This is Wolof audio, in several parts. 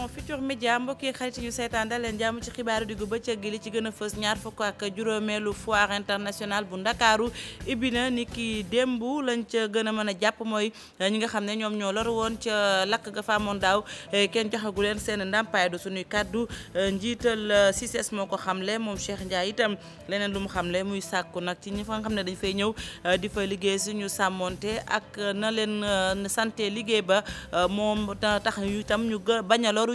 télévision Futur Média mbokk yi xarit ñu seetaan dal leen jàmm ci xibaaru diggu bëccëg gi li ci gën a fës ñaar fukk ak juróomeelu foire internationale bu Ndakaaru ibbi na ni ki démb lañ ca gën a mën a jàpp mooy ñi nga xam ne ñoom ñoo lor woon ca lakk ga faamoon daaw kenn joxagu leen seen ndàmpaay du suñuy kàddu njiital CICES moo ko xamle moom Cheikh Ndiaye itam leneen lu mu xamle muy sàkku nag ci ñi fa nga xam ne dañ fay ñëw euh, di fa liggéey suñu sàmmonte ak euh, na leen euh, santé liggéey ba moom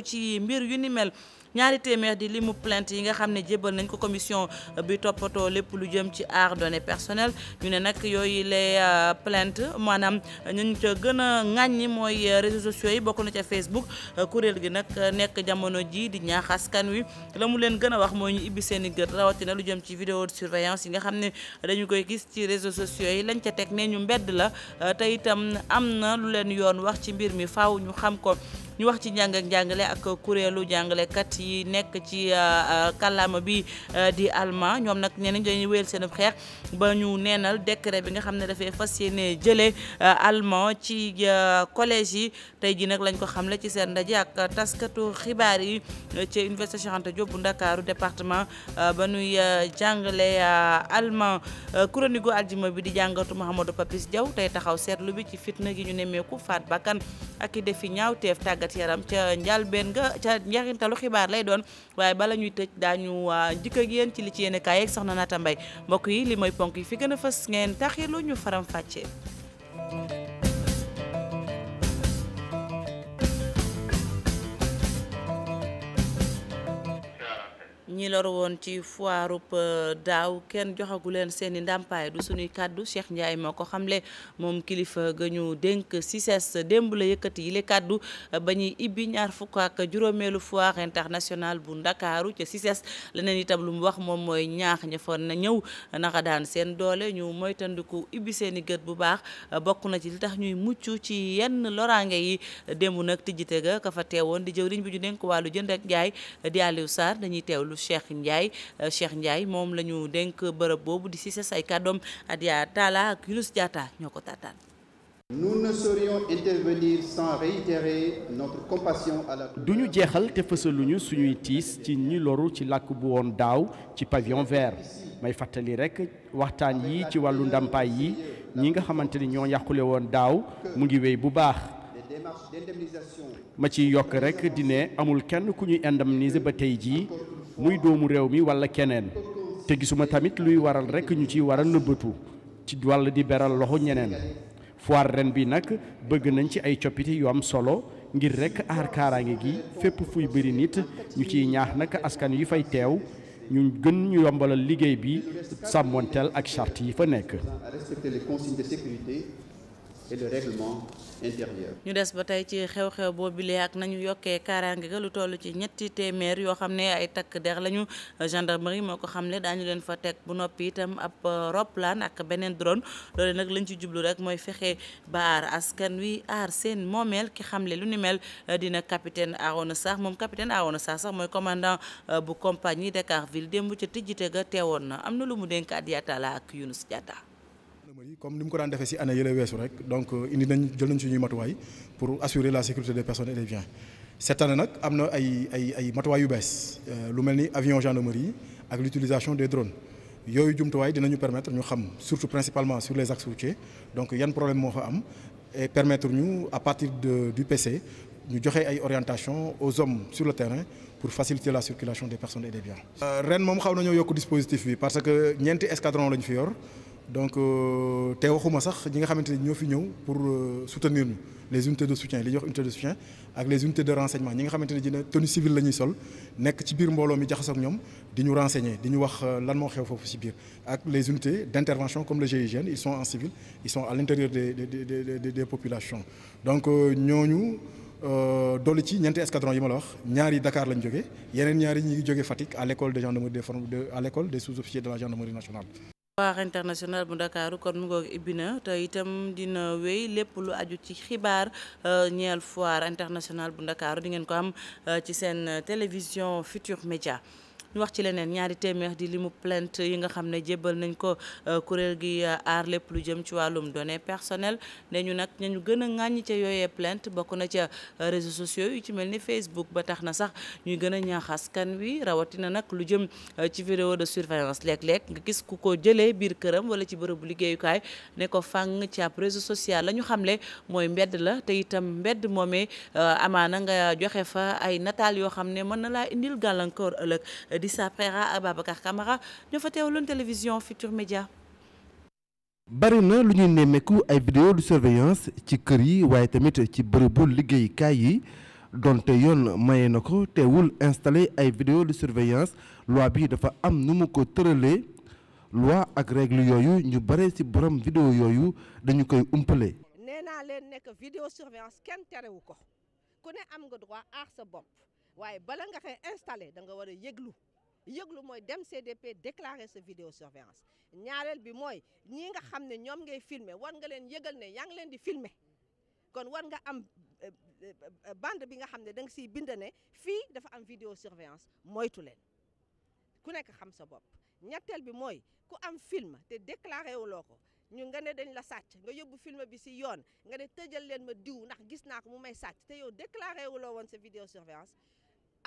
ci mbir yu ni mel ñaari téeméer di limu plainte yi nga xam ne jébbal nañ ko commission bi toppatoo lépp lu jëm ci aar données personnelles ñu ne nag yooyu les euh, plainte maanaam ñu ca gën a ŋàññi mooy euh, réseaux sociaux yi bokk na ca Facebook euh, kuréel gi nag nekk jamono ji di ñaax askan wi la mu leen gën a wax mooy ñu ibbi seen i gët rawatina lu jëm ci vidéo de surveillance yi nga xam ne dañu koy gis ci réseaux sociaux yi lañ ca teg ne ñu mbedd la te itam am na lu leen yoon wax ci mbir mi faaw ñu xam ko ñu wax ci njàng ak njàngale ak kuréelu jàngalekat yi nekk ci euh, euh, kàllaama bi euh, di allemand ñoom nag nee nañ dañuy wéyal seen xeex ba ñu neenal décret bi nga xam ne dafay fas yéene jëlee allemand ci collège yi tey ji nag lañ ko xamle ci seen ndaje ak taskatu xibaar yi ci université Cheikh jobu Ndakaaru département ba nuy jàngale allemand chronique aljuma bi di jàngatu Mouhamadou Papis Diaw tey taxaw seetlu bi ci fitna gi ñu nemmeeku faat bakkan ak i defi ñaawteef tàggat tàggat yaram ca njalbeen nga ca njeexintalu xibaar lay doon waaye bala ñuy tëj daañu njikk ak yéen ci li ci yéen kaay ak soxna Naata Mbaye mbokk yi li mooy ponk yi fi gën a fës ngeen taxilu ñu faram fàccee ñi loru woon ci foir foirub euh, daaw kenn joxagu leen seen i ndàmpaay du suñuy kàddu Cheikh Ndiaye moo ko xamle moom kilifa ga ñu dénk CICES démb la yëkkati yi le kàddu euh, ba ñuy ibbi ñaar fukk juróomeelu foire international bu ndakaaru ca CICES leneen itam lu mu wax moom mooy ñaax ña fa na ñëw naka daan seen doole ñu moytandiku ibbi seeni gët bu baax euh, bokk na ci li tax ñuy mucc ci yenn loraange yi démb nag tijjite ga ka fa teewoon di jëwriñ bi ñu dénk wàllu jënd ak jaay Cheikh Ndiaye euh, Cheikh Ndiaye moom la dénk bërëb boobu di si ses ay kàddoom Adia Talla ñoo ko taataan. du ñu jeexal te fësaluñu suñuy tiis ci ñi loru ci làkk bu woon daaw ci pavillon vert may fàttali rekk waxtaan yi ci wàllu ndàmpaay yi ñi nga xamante ni ñoo yàqule woon daaw mu ngi wéy bu baax. ma ciy yokk rek di ne amul kenn ku ñuy indemniser ba tey jii muy doomu réew mi walla keneen te gisuma tamit luy waral rekk ñu ci war a nëbbatu ci wàll di beral loxo ñeneen foire ren bi nag bëgg nañ ci ay coppite yu am solo ngir rekk aar kaaraange gi fépp fuy bëri nit ñu ciy ñaax nag askan yu fay teew ñu gën ñu yombalal liggéey bi sàmmonteel ak charte yi fa nekk. respecter les ñu des ba tey ci xew-xew boobule ak nañu yokkee kaaraange ga lu toll ci ñetti téeméer yoo xam ne ay takk der lañu gendarmerie moo ko xamle daañu leen fa teg bu noppi itam ab roplaan ak beneen drone loolu nag lañ ci jublu rek mooy fexe ba aar askan wi aar seen moomeel ki xam xamle lu ni mel dina capitaine Arona Sarr moom capitaine Arona Sarr sax mooy commandant euh, bu compagnie Dakar ville démb ca tijjite ga teewoon na am na lu mu dénk at Yaatala ak Younous Diatta gendarmerie comme ni mu ko daan defee ci année yële weesu rek donc euh, indi nañ jël nañ suñuy matuwaay pour assurer la sécurité des personnes et des biens cette année nag am na ay ay ay matuwaay yu bees euh, lu mel ni avion gendarmerie ak l'utilisation des drones yooyu jumtuwaay dina ñu permetre ñu xam surtout principalement sur les axes routiers donc yan problème moo fa am et ñu à partir de du PC ñu joxe ay orientation aux hommes sur le terrain pour faciliter la circulation des personnes et des biens. Euh, ren nañoo yokk dispositif bi parce que ñeenti escadron lañu fi yor. donc euh, te waxuma sax ñi nga xamante ne ñoo fi ñëw pour euh, soutenir ñu les unités de soutien li ñuy wax unité de soutien ak les unités de renseignement ñi nga xamante ne dina tenue civile la ñuy sol nekk ci biir mbooloo mi jaxasoo ñoom di ñu renseigner di ñu wax euh, lan moo xew foofu ci biir ak les unités d' intervention comme le GIGN ils sont en civil ils sont à l' intérieur des des des des populations donc ñooñu. dolli ci ñeenti escadron yi ma la wax ñaari Dakar l' l' école des waax international bu Ndakaaru kon mu ngoog ibbi te itam dina wéy lépp lu aju ci xibaar euh, ñeel foire international bu Ndakaaru di ngeen ko am euh, ci seen télévision Futur Média ñu wax ci leneen ñaari téeméer di limu plainte yi nga xam ne jébbal nañ ko euh, kuréel gi euh, aar lépp lu jëm ci wàllum donné personnelles ne ñu nag ñu gën a ŋàññi ca yooyee plainte bokk na ca euh, réseaux sociaux yu ci mel ni Facebook ba tax na sax ñuy gën a ñaax askan wi rawatina nag lu jëm ci vidéo de surveillance léeg-léeg nga gis ku ko jëlee biir këram wala ci bërëbu liggéeyukaay ne ko fang ci ab réseau social la ñu xamle mooy mbedd la te itam mbedd moomee amaana nga joxe fa ay nataal yoo xam ne mën na laa indil gàllankoor ëllëg Lissa Préra Ababacar Camara ñoo fa teewloon télévision na lu ñuy nemmeeku ay vidéo de surveillance ci kër yi waaye tamit ci bërëbu liggéeyukaay yi donte yoon maye na ko teewul installé ay vidéo de surveillance loi bi dafa am nu mu ko tëralee loi ak règle yooyu ñu bare ci borom vidéo yooyu dañu koy umpale. nee naa leen nekk vidéo surveillance kenn terewu ko ku ne am nga droit aar sa bopp waaye bala nga koy installé da nga yëglu. yëglu mooy dem CDP déclarer sa video vidéosurveillance ñaareel bi mooy ñii nga xam ne ñoom ngay filmer war nga leen yëgal ne yaa ngi leen di filmer kon war nga am euh, euh, euh, bande bi nga xam ne da nga siy bind ne fii dafa am vidéosurveillance moytu leen ku nekk xam sa bopp ñetteel bi mooy ku am film te déclaré wuloo ko ñu nga ne dañ la sàcc nga yóbbu film bi si yoon nga ne tëjal leen ma diw ndax gis naa ko mu may sàcc te yow déclaré wuloo woon sa vidéosurveillance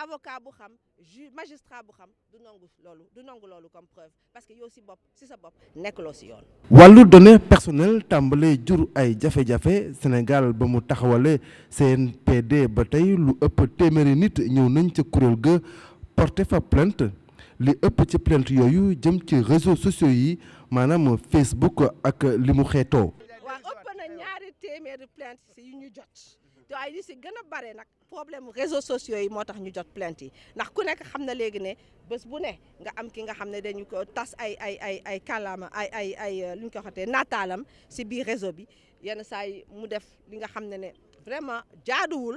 avocat bu xam ju magistrat bu xam du nangu loolu du nangu loolu comme parce que yow si bopp si sa bopp nekkuloo si yoon. wàllu données personnelles tàmbalee jur ay jafe-jafe Sénégal ba mu taxawalee CNPD ba tey lu ëpp téeméeri nit ñëw nañ ca kuréel ga porté fa plainte li ëpp ci plainte yooyu jëm ci réseaux sociaux yi maanaam Facebook ak li mu xeetoo. waaw ëpp na ñaari téeméeri plainte yi ñu jot. te ay si gën a bare nag problème réseau sociaux yi moo tax ñu jot plainte yi ndax ku nekk xam na léegi ne bés bu ne nga am ki nga xam ne dañu ko tas ay ay ay ay kàllaama ay ay ay euh, lu ñu ko xotee nataalam si biir réseau bi yenn saa yi mu def li nga xam ne ne vraiment jaaduwul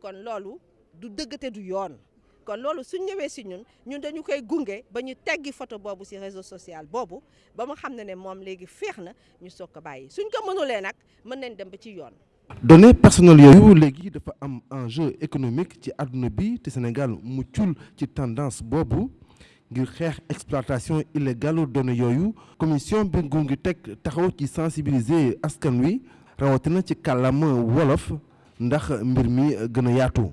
kon loolu du dëgg te du yoon. kon loolu su ñëwee si ñun ñun dañu koy gunge ba ñu teggi photo boobu si réseau social boobu ba mu xam ne ne moom léegi féex na ñu soog ko bàyyi suñ ko mënulee nag mën nañ dem ba ci yoon. données personnelles yooyu léegi dafa am enjeu économique ci àdduna bi te Sénégal mu muccul ci tendance boobu ngir xeex exploitation illégale données yooyu commission bi nguur ngi teg taxaw ci sensibiliser askan wi rawatina ci kàllaama wolof ndax mbir mi gën a yaatu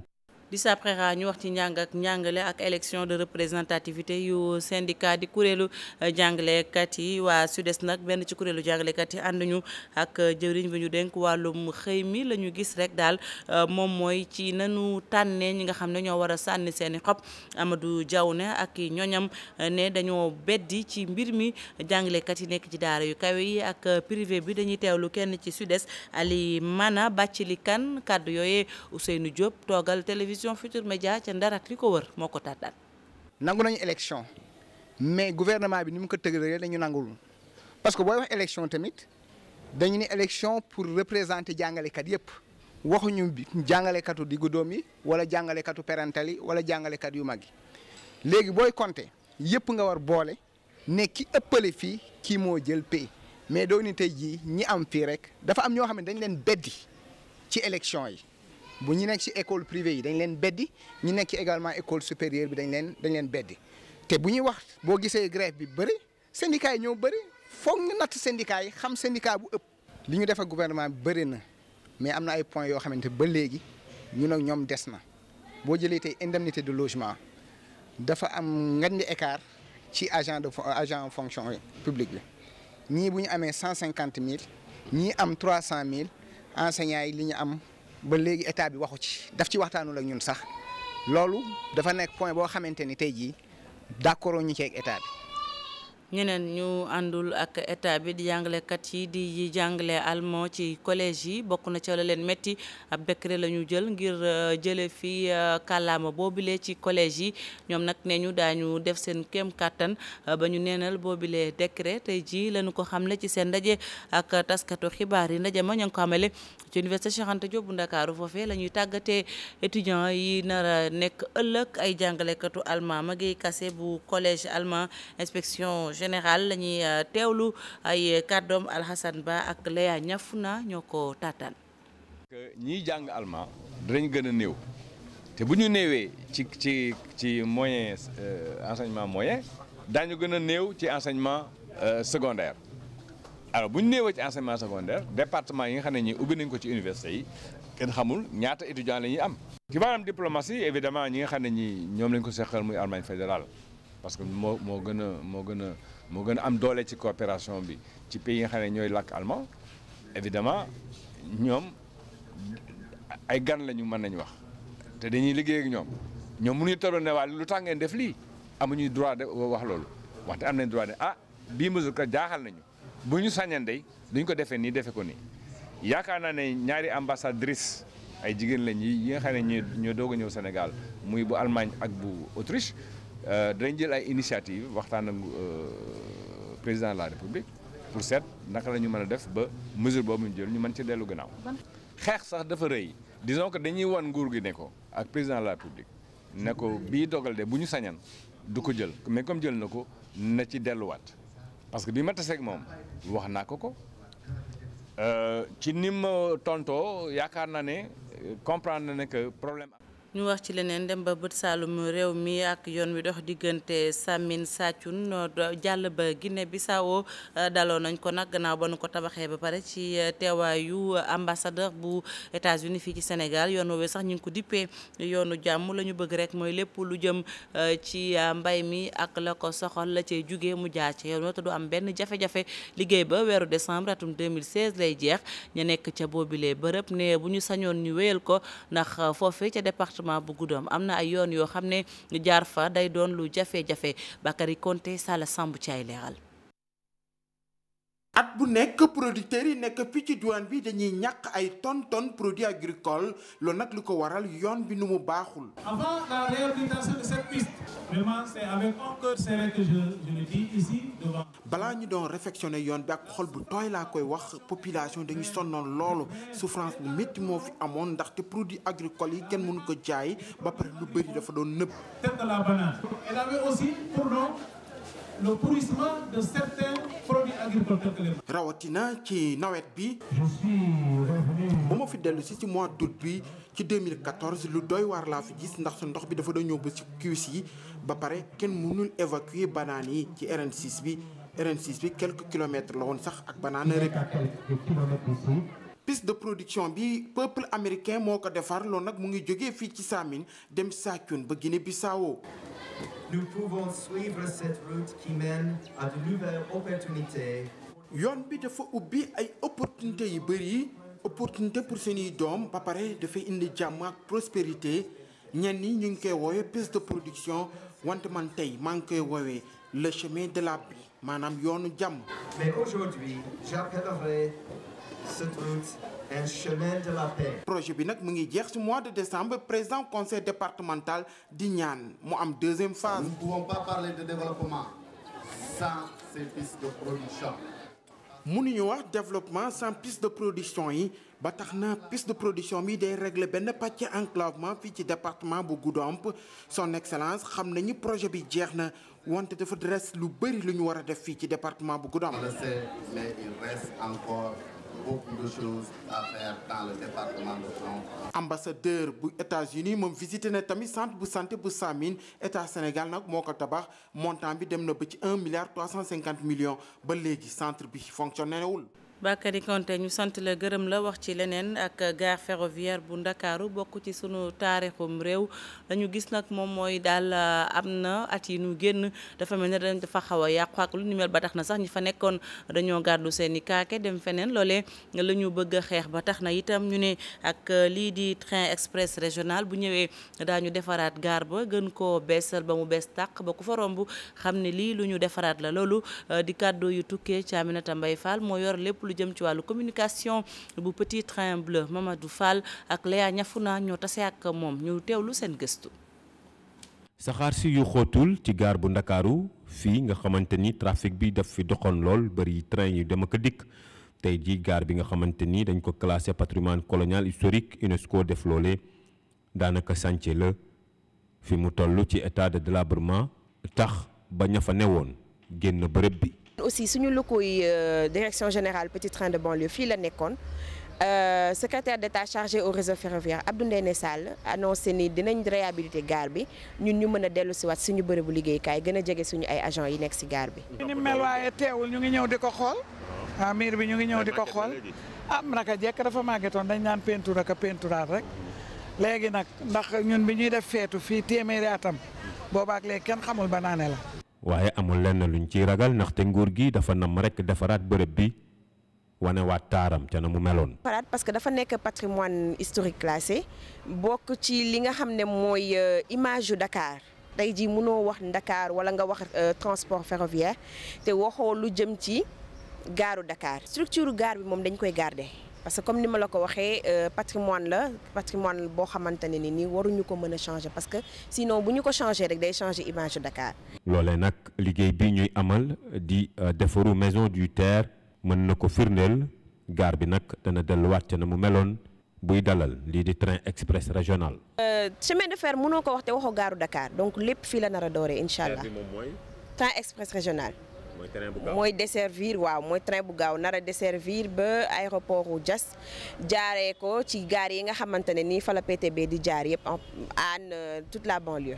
di saprera ñu wax ci njàng ak njàngale ak élection de représentativité yu syndicat di kuréelu euh, jàngalekat yi waa SUDES nag benn ci kuréelu jàngalekat yi ànd ñu ak euh, jëwriñ bi ñu dénk wàllum xëy mi la ñu gis rek daal euh, moom mooy ci nanu tànnee ñi nga xam ne ñoo war a sànni seeni i xob Amadou Diaw ne ak ñoñam ne dañoo beddi ci mbir mi jàngalekat yi nekk ci daara yu kawe yi ak privé bi dañuy teewlu kenn ci SUDES Ali Mana Bathily Kane kàddu yooyee Ousseynou Diop toogal télévision télévision Futur Média ca Ndar ak ko wër moo ko tàddaan nangu nañu élection mais gouvernement bi nu mu ko tëgëree dañu nangul parce que booy wax élection tamit dañu ni élection pour représenter jàngalekat yëpp waxuñu jàngalekatu diggu doom yi wala jàngalekatu parental yi wala jàngalekat yu mag yi léegi booy compter yëpp nga war boole ne ki ëppale fii kii moo jël pi mais doo ni tey jii ñi am fii rek dafa am ñoo xam ne dañ leen beddi ci élection yi bu ñu nekk ci école privée yi dañ leen beddi ñu nekk ci également école supérieure bi dañ leen dañ leen beddi te bu ñu wax boo gisee grève bi bëri syndicat yi ñoo bëri foog ñu natt yi xam syndicat bu ëpp. li ñu def ak gouvernement bi bëri na mais am na ay points yoo xamante ba léegi ñu ak ñoom des na boo jëlee tey indemnité de logement dafa am ngandi écart ci agent de agent yi publique bi ñii bu ñu amee cent cinquante mille ñii am trois cent mille enseignants yi li ñu am. ba léegi état bi waxu ci daf ci waxtaanul ak ñun sax loolu dafa nekk point boo xamante ni tey jii d'accord ñu ceeg état bi. ñeneen ñu àndul ak état bi di jàngalekat yi di jàngale allemand ci collège yi bokk na ca la leen métti ab décret la ñu jël ngir euh, jële fi euh, kàllaama boobile ci collège yi ñoom nag ne ñu daañu def seen kéem kàttan euh, ba ñu neenal boobile décret tey jii lañu ko xam xamle ci seen ndaje ak taskatu xibaar yi ndaje ma ña ngi ko amale ci université Cheikh Anta bu Ndakaaru foofee la ñuy tàggatee étudiants yi nar nekk ëllëg ay jàngalekatu allemand Maguette kase bu collège allemand inspection général la euh, teewlu ay kàddoom Alhassane Ba ak laya Leya Niafuna ñoo ko taataan. ñiy jàng allemand dinañ gën a néew te bu ñu néewee ci ci ci moyen euh, enseignement moyen daañu gën a néew ci enseignement euh, secondaire alors bu ñu néewee ci enseignement secondaire département yi nga xam ne ñi ubbi nañ ko ci université yi kenn xamul ñaata étudiants la ñuy am. ci maanaam diplomatie évidemment ñi nga xam ne ñi ñoom lañ ko seqal muy Allemagne fédérale. parce que moo moo gën a moo gën a moo gën a am doole ci coopération bi ci pays yi nga xam ne ñooy làkk allemand évidemment ñoom ay gan lañu mën nañu wax te dañuy liggéey ak ñoom ñoom mënuñu tolloo ne waa lu tax ngeen def lii amuñuy droit de wax loolu waxte am nañ droit de ah bii mesure ka jaaxal nañu bu ñu sañan day duñ ko defee nii defe ko nii yaakaar naa ne ñaari ambassadrice ay jigéen lañ yi yi nga xam ne ñoo doog a ñëw Sénégal muy bu Allemagne ak bu Autriche Euh, dinañ jël ay initiative waxtaan ak euh, président de la république pour set naka la ñu mën a def ba mesure boobu ñu jël ñu mën ci dellu gannaaw. xeex sax dafa rëy disons que dañuy wan nguur gi ne ko ak président de la république ne ko bii dogal de bu ñu sañan du ko jël mais comme jël na ko na ci delluwaat parce que bi ma taseeg moom wax naa ko ko euh, ci nim ma tontoo yaakaar naa ne comprendre na ne que problème ñu wax ci leneen dem ba bët saalum réew mi ak yoon wi dox diggante Samin Sathioun jàll ba Guinée Bissau daloo nañ ko nag gannaaw ba nu ko tabaxee ba pare ci eh, teewaayu ambassadeur bu États-Unis fii ci Sénégal yoon woowee sax ñu ngi ko dippee yoonu jàmm la ñu bëgg rek mooy lépp lu jëm eh, ci eh, mbay mi ak la ko soxal la cay jugee mu jaar ci yoon te du am benn jafe-jafe liggéey ba weeru décembre atum 2016 lay jeex ñu nekk ca boobile bërëb ne bu ñu sañoon ñu wéyal ko département bu doom am na ay yoon yoo xam ne jaar fa day doon lu jafe-jafe Bakary Konte Sala Samb ci ay leeral at bu nekk producteurs yi nekk fii ci diwaan bi dañuy ñàkk ay tonnes tonnes produits agricoles loolu nag lu ko waral yoon bi nu mu baaxul. avant balaa ñu doon réfectionné yoon bi ak xol bu tooy laa koy wax population dañu sonnoon loolu souffrance bu métti moo fi amoon ndaxte produit agricoles yi kenn mënu ko jaay ba pare lu bëri dafa doon nëb. rawatina ci nawet bi. bu ma fi dellu si ci mois d'août bi ci 2014 lu doy war laa fi gis ndax ndox bi dafa doon ñëw ba ci cuisse yi ba pare kenn mënul évacuer banaan yi ci rn bi rn bi quelques kilomètres la woon sax ak banaan rek. piste de production bi peuple américain moo ko defar loolu nag mu ngi jógee fii ci Saamine dem Sathioune ba gine bissau nous pouvons suivre cette route qui mène à de nouvelles opportunités. yoon bi dafa ubbi ay opportunités yu bëri opportunité pour seeni doom ba pare dafay indi jàmm ak prospérité ñenn ñi ñu ngi koy woowee piste de production wante man tey maa ngi koy woowee le chemin de la paix maanaam yoonu jàmm. mais aujourd'hui j'appellerai se trouve projet bi nag mu ngi jeex ci mois de décembre président conseil départemental di ñaan mu am deuxième phase. nous ne pouvons pas parler de développement sans wax développement sans piste de production yi ba tax na piste de production bi day régler benn pàcc enclavement fii ci département bu Goudomp son excellence xam ñi projet bi jeex na wante dafa des lu bëri lu ñu war a def fii ci département bu Goudomp. beaucoup de choses à faire dans le département de Tronc. ambassadeur bu États-Unis moom visité na tamit centre bu santé bu Samine état Sénégal nag moo ko tabax montant bi dem na ba ci 1 milliard 350 millions ba léegi centre bi fonctionné wul. Bakary Konté ñu sant la gërëm la wax ci leneen ak gare ferovière bu ndakaaru bokk ci sunu taarixum réew dañu gis nag moom mooy daal euh, am na at yi nu génn dafa mel ne dañ dafa xaw a yàqu ak lu ni ba tax na sax ñi fa nekkoon dañoo gàddu seen i kaake dem feneen loolee la ñu bëgg a xeex ba tax na itam ñu ne ak euh, lii di train express régional bu ñëwee daa ñu defaraat gaar ba gën koo beesal ba mu bees tàq ba ku fa romb xam ne lii lu ñu defaraat la loolu euh, di kàddu yu tukkee ci Aminata Mbaye Fall moo lépp lu lu jëm ci wàllu communication bu Petit Train Bleu Mamadou Fall ak Léa naa ñoo tase ak moom ñu teewlu seen gëstu. saxaar si yu xóotul ci gaar bu ndakaaru fii nga xamante ni trafic bi daf fi doxan lool bari train yu dem ak dikk tey jii gaar bi nga xamante ni dañ ko classé patrimoine colonial historique UNESCO def loole daanaka chantier la fi mu toll ci état de délabrement tax ba ña fa newoon génn bërëb bi. aussi suñu locaux yi euh, direction générale petit train de banlieue fii la nekkoon euh, secrétaire d'État chargé au réseau ferroviaire Abdou Ndéné Sall annoncé ni dinañ réhabilité gare bi ñun ñu mën a dellu si waat suñu bu liggéeykaay gën a jege suñu ay agents yi nekk si gaar bi. ni mel waaye teewul ñu ngi ñëw di ko xool. ah miir bi ñu ngi ñëw di ko xool. am ah, naka jekk dafa màggetoon dañ naan peinture ak a peinturaat rek. léegi nag ndax ñun bi ñuy def feetu fii téeméeri atam boobaak léegi kenn xamul ba naane la. waaye amul lenn luñ ciy ragal ndaxte nguur gi dafa nam rek defaraat bërëb bi wane waat taaram te na mu meloon. defaraat parce que dafa nekk patrimoine historique classé bokk ci li nga xam ne mooy euh, image yu Dakar. tey ji mënoo wax ndakaar wala nga wax euh, transport ferroviaire te waxoo lu jëm ci gaaru Dakar structure gaar bi moom dañ koy garde parce que comme ni ma la ko waxee euh, patrimoine la patrimoine boo xamante ne ni waruñu ko mën a changer parce que sinon bu ñu ko changer rek day changer image Dakar. loole nag liggéey bi ñuy amal di euh, defaru maison du terre mën na ko firndeel gaar bi nag dana delluwaat ca na mu meloon. buy dalal lii di train express régional. Euh, chemin de fer mënoo ko wax te waxoo gaaru Dakar donc lépp fii la nar a incha allah train express régional. mooy train mooy desservir waaw mooy train bu gaaw nar a desservir ba aéroport wu Diass jaaree ko ci gaar yi nga xamante ne nii fa PTB di jaar yëpp en euh, toute la banlieue.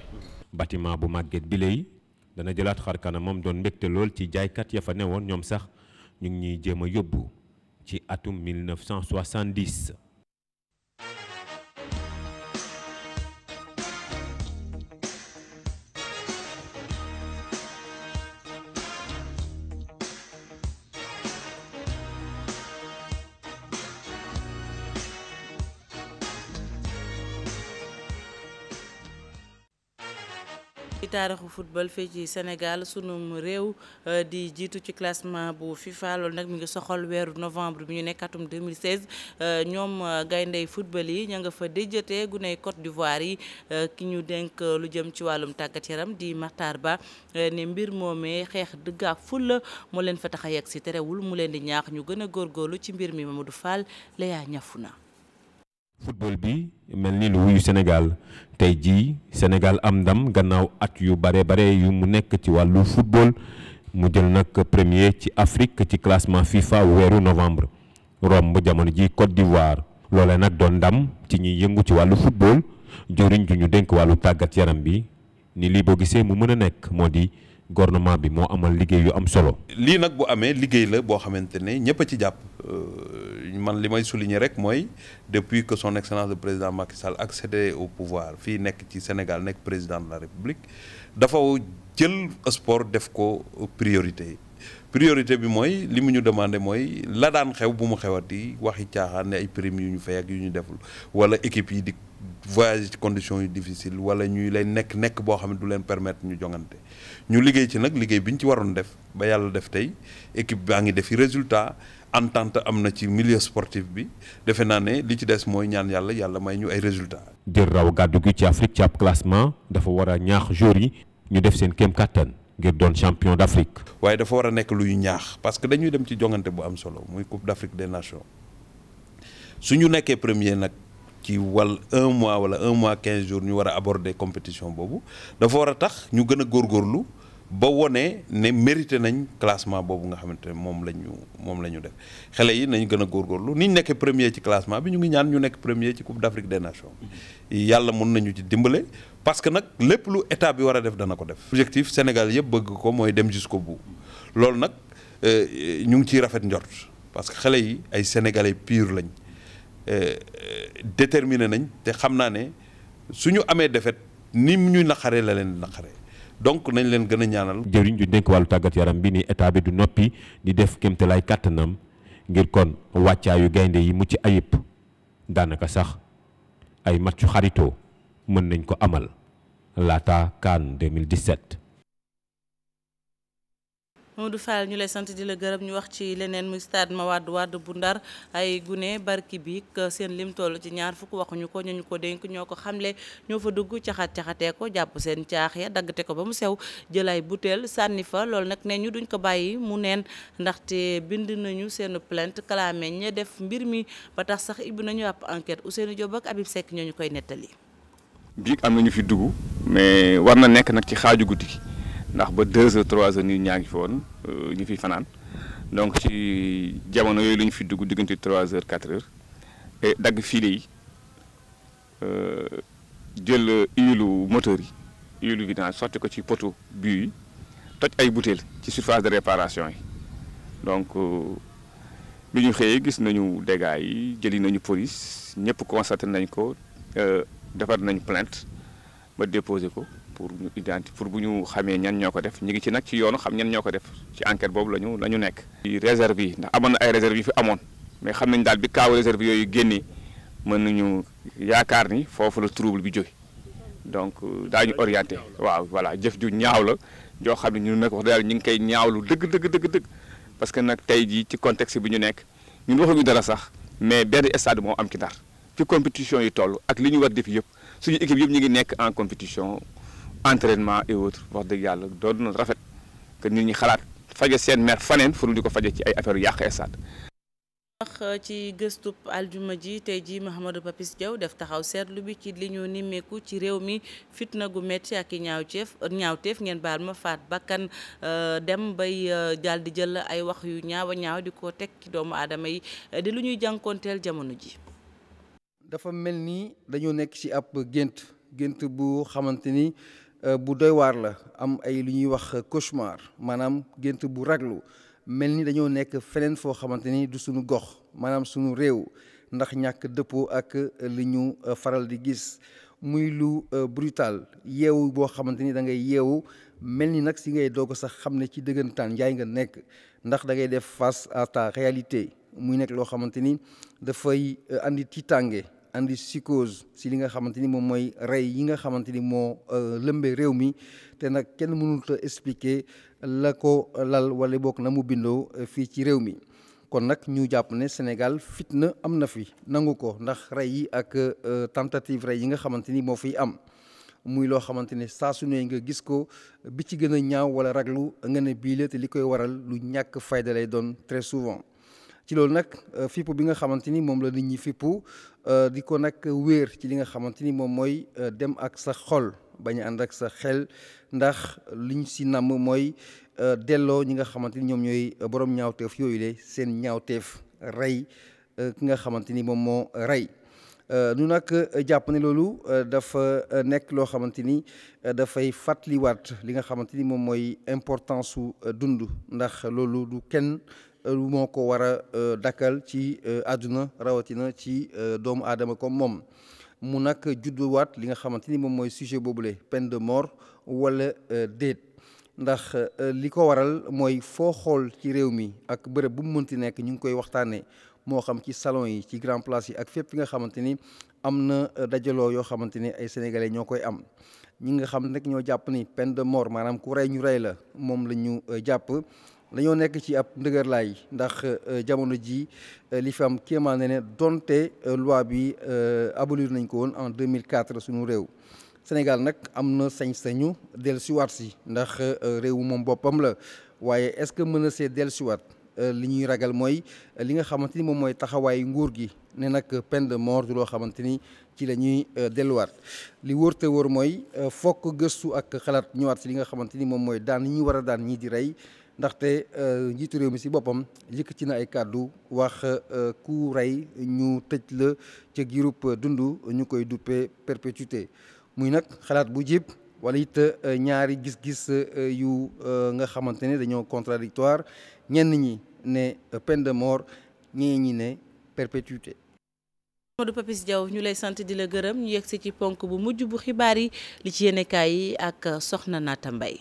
batiment bu màgget bi léegi dana jëlaat xar kanamam doon mbégte lool ci jaaykat ya fa woon ñoom sax ñu ngi ñuy jéem a yóbbu ci atum 1970. taarixu football fii ci senegal sunum réew euh, di jiitu ci classement bu FIFA loolu nag mi ngi soxal weeru novembre bi ñu nekk atum 2016 euh, ñoom euh, gayndey football yi ña nga fa déjjatee guney Côte d'Ivoire yi ki ñu denk lu jëm ci wàllum tàggat yaram di Matar Ba ne mbir moomee xeex dëggaa ak fulla moo leen fa tax yegg si terewul mu leen di ñaax ñu gën a góorgóorlu ci mbir mi Mamadou Fall la yaa ñafu na football bi mel ni lu wuyu Sénégal tey jii Sénégal am ndam gannaaw at yu bare bare yu mu nekk ci wàllu football mu jël nag premier ci Afrique ci classement FIFA weeru novembre romb jamono ji Côte d'Ivoire loolee nag doon ndam ci ñuy yëngu ci wàllu football joriñ ju ñu dénk wàllu tàggat yaram bi ni lii boo gisee mu mën a nekk moo di gouvernement bi moo amal liggéey yu am solo. lii nag bu amee liggéey la boo xamante ne ñëpp a ci jàpp euh, man li may souligner rek mooy depuis que son excellence le président Macky Sall accédé au pouvoir fii nekk ci Sénégal nekk président de la République dafa jël sport def ko priorité. priorité bi mooy li mu ñu demandé mooy la daan xew bu mu xewati waxi caaxaan ne ay primes yu ñu fay ak yu ñu deful wala équipe yi dikk voyage ci conditions yu difficile wala ñuy lay nekk nekk boo xam ne du leen permettre ñu jongante ñu liggéey ci nag liggéey bi ñu ci waroon def ba yàlla def tey équipe baa ngi defi résultat entente am na ci millier sportif bi defe naa ne li ci des mooy ñaan yàlla yàlla may ñu ay résultat jël raw gàddu gi ci Afrique ci ab classement dafa war a ñaax joueurs yi ñu def seen kéem kàttan ngir doon champion d'Afrique. waaye dafa war a nekk luy ñaax parce que dañuy dem ci jongante bu am solo muy Coupe d'Afrique des Nations suñu nekkee premier nag. ci wal un mois wala un mois quinze jours ñu war a aborder compétition boobu dafa war a tax ñu gën a góorgóorlu ba wone ne mérité nañ classement boobu nga xamante ne moom la ñu moom la ñu def xale yi nañ gën a góorgóorlu ni ñu nekkee premier ci classement bi ñu ngi ñaan ñu nekk premier ci Coupe d'Afrique des Nations yàlla mun nañu ci dimbale parce que nag lépp lu état bi war a def dana ko def objectif Sénégal yëpp bëgg ko mooy dem jusqu'au bout loolu nag euh, ñu ngi ciy rafet njort parce que xale yi ay sénégalais pur lañ Euh, déterminé nañ te xam naa ne suñu amee defet ni mu ñuy naqaree la leen naqaree donc nañ leen gën a ñaanal. jëriñ ju dénk wàllu tàggat yaram bi ni état bi du noppi di def kéemtalaay kàttanam ngir kon wàccaayu gaynde yi mucc ayib daanaka sax ay matchu xaritoo mën nañ ko amal laata CAN 2017. Modou Fall ñu lay sant di la gërëm ñu wax ci leneen muy stade Mawade wadd bu Ndar ay gune barki bi seen lim toll ci ñaar fukk waxuñu ko ñañu ko dénk ñoo ko xamle ñoo fa dugg caxat caxatee ko jàpp seen caax ya daggate ko ba mu sew jëlay butéel sànni fa loolu nag ne ñu duñ ko bàyyi mu neen ndaxte bind nañu seen plainte clamé ña def mbir mi ba tax sax ibbi nañu ab enquête Ousseynou Diop ak Habib sekk ñoo ñu koy nettali. biig am na ñu fi dugg mais war na nekk nag ci xaaju guddi. ndax ba deux heures trois heures nit ñaa ngi fi woon euh, ñu fi fanaan donc ci jamono yooyu la ñu fi dugg diggante trois heures quatre heures et dagg fiile yi euh, jël huile moteur yi huile vidange sotti ko ci poto bii yi toj ay butéel ci surface de réparation yi donc euh, bi ñu xëyee gis nañu dégâts yi jëli nañu police ñëpp constaté nañ ko defar nañ plainte ba déposé ko pour ñu identi pour bu ñu xamee ñan ñoo ko def ñu ngi ci nag ci yoonu xam ñan ñoo ko def ci enquête boobu la ñu la ñu nekk. ci réserve yi ndax amoon na ay réserve yu fi amoon mais xam nañ daal bi kaaw réserve yooyu génnee mën nañu yaakaar ni foofu la trouble bi jóge donc euh, daañu orienté waaw voilà jëf ju ñaaw la joo xam ne ñu nag wax dëgg ñu ngi koy ñaawlu dëgg dëgg dëgg dëgg parce que nag tey jii ci contexte bi ñu nekk ñu ñun waxuñu dara sax mais benn stade moo am ci Ndar ci yi toll ak li ñu war def yëpp suñu équipe yëpp ñu ngi nekk en compétition. entraînement et autres wax dëgg yàlla doon na rafet que nit ñi xalaat faje seen mer faneen fu di ko faje ci ay affaire yàq estade wax euh, ci gëstub aljuma ji tey ji Mahamadou Papis Diaw def taxaw seetlu bi ci li ñu nimmeeku ci réew mi fitna gu metti ak i ñaawteef ñaawteef ngeen baal ma faat bakkan euh, dem bay euh, daal di jël ay wax yu ñaaw a ñaaw di ko teg ci doomu aadama yi di lu ñuy jànkoonteel jamono ji dafa mel ni dañoo nekk ci ab gént gént bu xamante Euh, bu doy waar la am ay lu ñuy wax cauchemar maanaam gént bu raglu mel ni dañoo nekk feneen foo xamante ni du suñu gox maanaam suñu réew ndax ñàkk dëppoo ak euh, li ñu euh, faral di gis muy lu brutal yeewu boo xamante ni da ngay yeewu mel ni nag si ngay doog sax xam ne ci dëggantaan njaay nga nekk ndax da ngay def fas à ta réalité muy nekk loo xamante ni dafay andi tiitaange andi psychose si li nga xamante ni moom mooy rey yi nga xamante ni moo euh, lëmbee réew mi te nag kenn mënut a la ko lal wala bokk na mu bindoo euh, fii ci réew mi. kon nag ñu jàpp ne Sénégal fitna am na fi nangu ko ndax rey yi ak euh, tentative rey yi nga xamante ni moo fiy am muy loo xamante ne saa su ne nga gis ko bi ci gën a ñaaw wala raglu nga ne bii la te li koy waral lu ñàkk fayda lay doon très souvent. ci loolu nag euh, fippu bi nga xamante ni moom la nit ñi fippu euh, di ko nag wéer ci li nga xamante ni moom mooy euh, dem ak sa xol bañ a ànd ak sa xel ndax liñ si namm mooy delloo ñi nga xamante ni ñoom ñooy borom ñaawteef yooyu de seen ñaawteef rey ki nga xamante ni moom moo rey. nu nag jàpp ne loolu dafa nekk loo xamante ni dafay fàttaliwaat li nga xamante ni moom mooy importance su dund ndax loolu du kenn moo ko war a euh, dakkal ci euh, àdduna rawatina ci euh, doomu aadama comme moom mu nag judduwaat li nga xamante ni moom mooy sujet boobule peine de mort wala déet ndax li ko waral mooy foo xool ci réew mi ak bërëb bu mu mënti nekk ñu ngi koy waxtaanee moo xam ci salon yi ci grand place yi ak fépp fi nga xamante ni am na dajaloo yoo xamante ni ay sénégalais ñoo koy am ñi nga xam ne ñoo jàpp ni peine de mort maanaam ku rey ñu rey la moom la ñu jàpp. dañoo nekk ci ab ndëgërlaay ndax euh, jamono ji euh, li fi am kéemaan ne ne donte euh, loi bi abolir nañ ko woon en 2004 suñu réew Sénégal nag am na sañ-sañu dellusiwaat si ndax réew moom boppam la waaye est-ce que mën na see dellusiwaat li ñuy ragal mooy li nga xamante ni moom mooy taxawaayu nguur gi ne nag peine de mort loo xamante ni ci la ñuy delluwaat li wóor te wóor mooy fokk gëstu ak xalaat ñëwaat si li nga xamante ni moom mooy daan yi ñuy war a daan ñii di rey. ndaxte euh, njiitu réew mi si boppam ci na ay kàddu wax euh, ku rey ñu tëj la ca girub dund ñu koy duppe perpétuité muy nag xalaat bu jib wala it euh, ñaari gis-gis yu nga xamante ne dañoo contradictoire ñenn ñi ne peine de mort ñee ñi ne perpétuité Modou Papis ñu lay sant di la gërëm ñu yegsi ci ponk bu mujj bu xibaar yi li ci yéenekaay yi ak soxna Naata Mbaye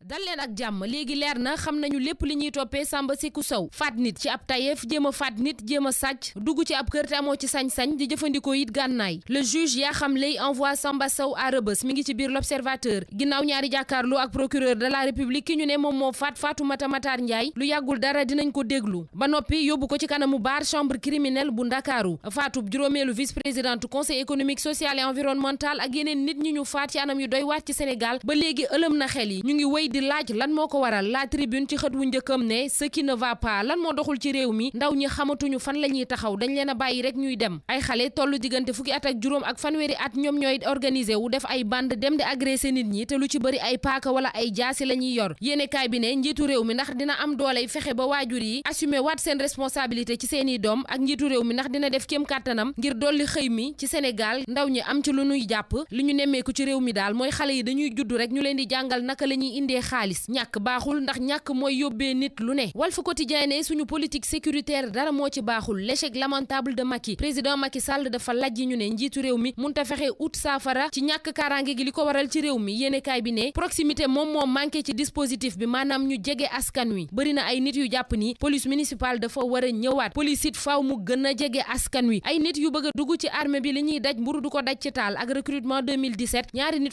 dal leen ak jàmm léegi leer na xam nañu lépp li ñuy toppee Samba Seku saw faat nit ci ab tayeef jéem a faat nit jéem a sàcc dugg ci ab kër te amoo ci sañ-sañ di jëfandikoo it gànnaay le juge yaa xam lay envoie Samba Sow à Rebeuss mi ngi ci biir l'observateur ginnaaw ñaari jàkkaarloo ak procureur de la république ki ñu ne moom moo faat Fatoumata Matar Ndiaye lu yàggul dara dinañ ko déglu ba noppi yóbbu ko ci kanamu baar chambre criminelle bu ndakaaru faatub juróomeelu vice présidente conseil économique social et environnemental ak nit ñi ñu faat ci anam yu doy waat ci Sénégal ba léegi ëlëm na xel yi ñu ngi wéy di laaj lan moo ko waral la tribune ci xët wu njëkkam ne ce qui ne lan moo doxul ci réew mi ndaw ñi xamatuñu fan la ñuy taxaw dañu leen a bàyyi rek ñuy dem ay xale tollu diggante fukki at ak juróom ak fanweeri at ñoom ñooy organiser wu def ay bande dem di agressé nit ñi te lu ci bëri ay paaka wala ay jaasi la ñuy yor yéenekaay bi ne njiitu réew mi ndax dina am doole fexe ba waajur yi assumer waat seen responsabilité ci seeni doom ak njiitu réew mi ndax dina def kéem kàttanam ngir dolli xëy mi ci Sénégal ndaw ñi am ci lu ñuy jàpp li ñu nemmeeku ci réew mi daal mooy xale yi dañuy judd rek ñu leen di jàngal naka la indee ñàkkee xaalis ñàkk baaxul ndax ñàkk mooy yóbbee nit lu ne Walf Quotidien ne suñu politique sécuritaire dara moo ci baaxul l'échec lamentable de Macky président Macky Sall dafa lajj ñu ne njiitu réew mi munta fexe ut saafara ci ñàkk kaaraange gi li ko waral ci réew mi yéenekaay bi ne proximité moom moo manqué ci dispositif bi maanaam ñu jege askan wi bëri na ay nit yu jàpp ni police municipale dafa war a ñëwaat police it faaw mu gën a jege askan wi ay nit yu bëgg a dugg ci armée li ñuy daj mburu du ko daj ci taal ak recrutement 2017 ñaari nit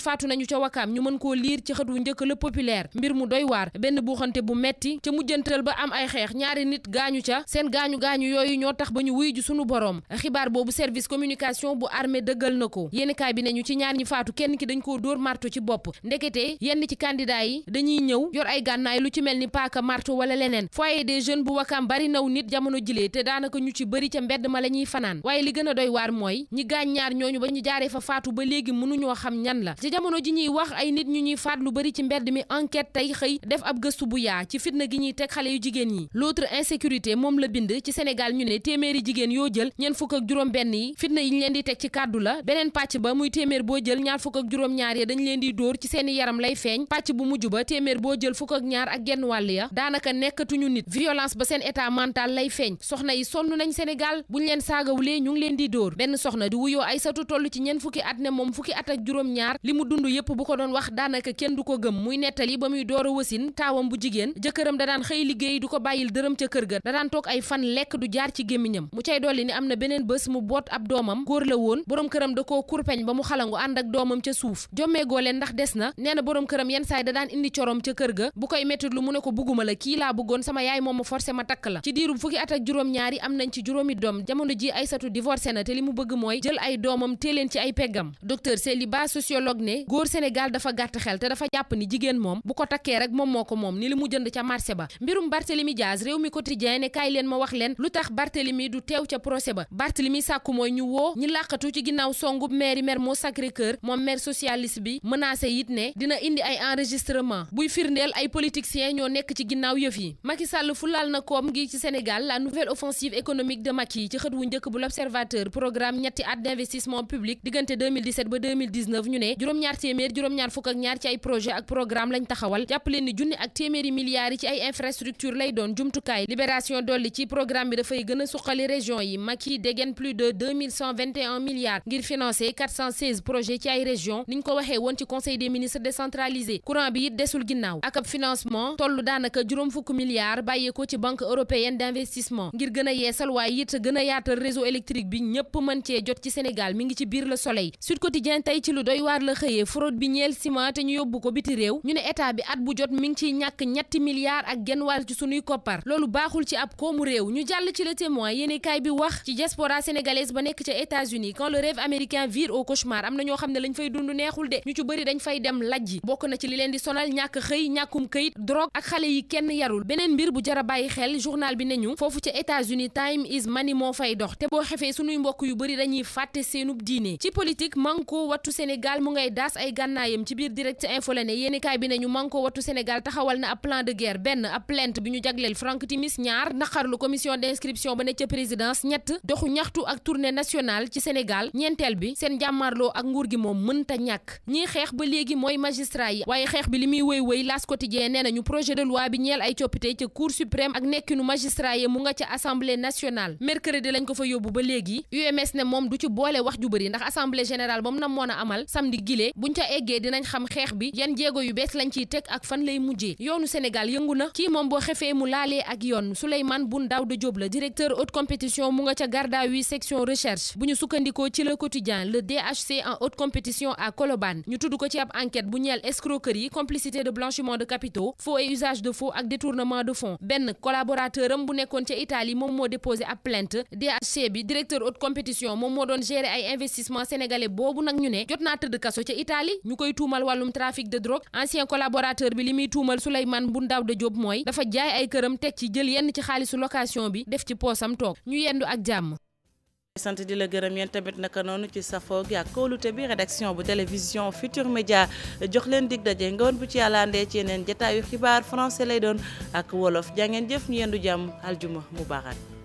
leer mbir mu doy waar benn buuxante bu metti ca mujjantal ba am ay xeex ñaari nit gaañu ca seen gaañu gaañu yooyu ñoo tax ba ñu wuy ji sunu borom xibaar boobu service communication bu armée dëggal na ko yéenekaay bi ne ñu ci ñaar ñi faatu kenn ki dañ koo dóor marto ci bopp ndekete yenn ci candidat yi dañuy ñëw yor ay gànnaay lu ci mel ni paaka marto wala leneen foyer des jeunes bu wakam bari naw nit jamono jilee te daanaka ñu ci bari ca mbedd ma la ñuy fanaan waaye li gën a doy waar mooy ñi gaañ ñooñu ba ñu jaaree fa faatu ba léegi mënuñoo xam ñan la ci jamono ji ñuy wax ay nit ci mbedd mi enquête tey xëy def ab gëstu bu yaa ci fitna gi ñuy teg xale yu jigéen yi l'autre insécurité moom la bind ci Sénégal ñu ne téeméeri jigéen yoo jël ñeent fukk ak juróom benn yi fitna yi ñu leen di teg ci kàddu la beneen pàcc ba muy téeméer boo jël ñaar fukk ak juróom ñaar ya dañ leen di dóor ci seeni yaram lay feeñ pàcc bu mujj ba téeméer boo jël fukk ak ñaar ak genn wàll ya daanaka nekkatuñu nit violence ba seen état mental lay feeñ soxna yi sonn nañ Sénégal buñ leen saagawulee ñu ngi leen di dóor benn soxna di wuyoo ay satu toll ci ñeent fukki at moom fukki at ak juróom ñaar mu dund yépp bu ko doon wax daanaka kenn du ko gëm muy nettali ba muy door a wasin taawam bu jigéen jëkkëram da daan xëy liggéey du ko bàyyil dërëm ca kër ga da daan toog ay fan lekk du jaar ci gémmiñam mu cay dolli ni am na beneen bés mu boot ab doomam góor la woon borom këram da koo kurpeñ ba mu xalangu ànd ak doomam ca suuf jommeegoo leen ndax des na nee na borom këram yenn saay da daan indi corom ca kër ga bu koy mettit lu mu ne ko bëgguma la kii laa bëggoon sama yaay moom ma forcé ma takk la ci diiru fukki at ak juróom-ñaari ci juróomi doom jamono ji Aysatu divorcé na te li mu bëgg mooy jël ay doomam téeleen ci ay peggam docteur Celiba sociologue ne góor Sénégal dafa gàtt xel te dafa jàpp ni jigéen moom bu ko takkee rek moom moo ko moom ni li mu jënd ca marché ba mbirum Barthélemy Diaz réew mi quotidien ne kaay leen ma wax leen lu tax Barthélemy du teew ca procès ba Barthélemy sàkku mooy ñu woo ñi làqatu ci ginnaaw songub mair Mermoz Sacré-Cœur moom maire socialiste bi menacé it ne dina indi ay enregistrement buy firndeel ay politiciens ñoo nekk ci ginnaaw yëf yi Macky Sall fulaal na koom ngi ci Sénégal la nouvelle offensive économique de Macky ci bu l'observateur programme ñetti at d'investissement public diggante 2017 ba 2019 ñu ne juróom-ñaar téeméer juróom lañ tax taxawal jàpp leen ni junni ak téeméeri milliards yi ci ay infrastructure lay doon jumtukaay libération dolli ci programme bi dafay gën a suqali région yi Macky dégaine plus de deux ngir financer quatre ci ay région ni ñu ko waxee woon ci conseil des ministres décentralisé courant bi desul ginnaaw ak ab financement toll daanaka juróom fukk milliards bàyyeekoo ci banque européenne d'investissement ngir gën yeesal waaye it gën a yaatal réseau électrique mi ngi ci biir la xëyee fraude bi ñeel état bi at bu jot mi ngi ciy ñàkk ñetti milliards ak genn wàll ci ci ab koomu réew ñu jàll ci bi wax ci diaspora sénégalaise ba nekk ca États-Unis quand le rêve américain vire au cauchemar am na ñoo xam ne lañ fay dund neexul de ñu ci bëri dañ fay dem lajji bokk na ci li leen di sonal ñàkk xëy ñàkkum këyit drogue ak xale yi kenn yarul beneen mbir bu jara bàyyi xel journal bi nañu foofu ca États-Unis time is money moo fay dox te boo xefee sunuy mbokk yu bëri dañuy fàtte seenub diine ci politique manko wattu Sénégal mu ngay daas ay gànnaayam ci biir direct info la ne yéeni bi nañu ñu Manko Wattu Sénégal taxawal na ab plan de guerre benn ab plainte bi ñu jagleel Franck Timis ñaar naqarlu commission d'inscription ba ne ca présidence ñett doxu ñaxtu ak tournée nationale ci Sénégal ñeenteel bi seen jàmmaarloo ak nguur gi moom mënta ñàkk ñiy xeex ba léegi mooy magistrat yi waaye xeex bi li muy wëy wëy L'As Quotidien nee nañu projet de loi bi ñeel ay coppite ca Cour suprême ak nekkinu magistrat yi mu nga ca assemblée nationale mercredi lañ moom du ci boole wax ju bëri ndax assemblée générale ba mu na moon a amal samedi gile xeex bi yu bees lañ ciy teg ak fan lay mujjee yoonu Sénégal yëngu na kii moom boo xefee mu laalee ak yoon Souleymane Boun Daouda Diop la directeur haute compétition mu nga ca garda wi section recherche bu ñu sukkandikoo ci la quotidien le DHC en haute compétition à Colobane ñu tudd ko ci ab enquête bu ñeel yi complicité de blanchiment de capitaux faux et usage de faux ak détournement de fonds benn collaborateur am bu nekkoon ca Italie moom moo déposé ab plainte DHC bi directeur haute compétition moom moo doon gérer ay investissement sénégalais boobu nag ñu ne jot naa tëdd kaso ca koy tuumal wàllum trafic de drogue collaborateur bi li muy tuumal Souleymane Boun Daouda Diop mooy dafa jaay ay këram teg ci jël yenn ci xaalisu location bi def ci poosam toog ñu yendu ak jàmm sant di la gërëm yéen tamit naka noonu ci safoo gi ak kóolute bi rédaction bu télévision Futur Média jox leen dig daje ngoon bu ci yàlla ndee ci yeneen jataayu xibaar français lay doon ak wolof jàngeen jëf ñu yendu jàmm aljuma mubarak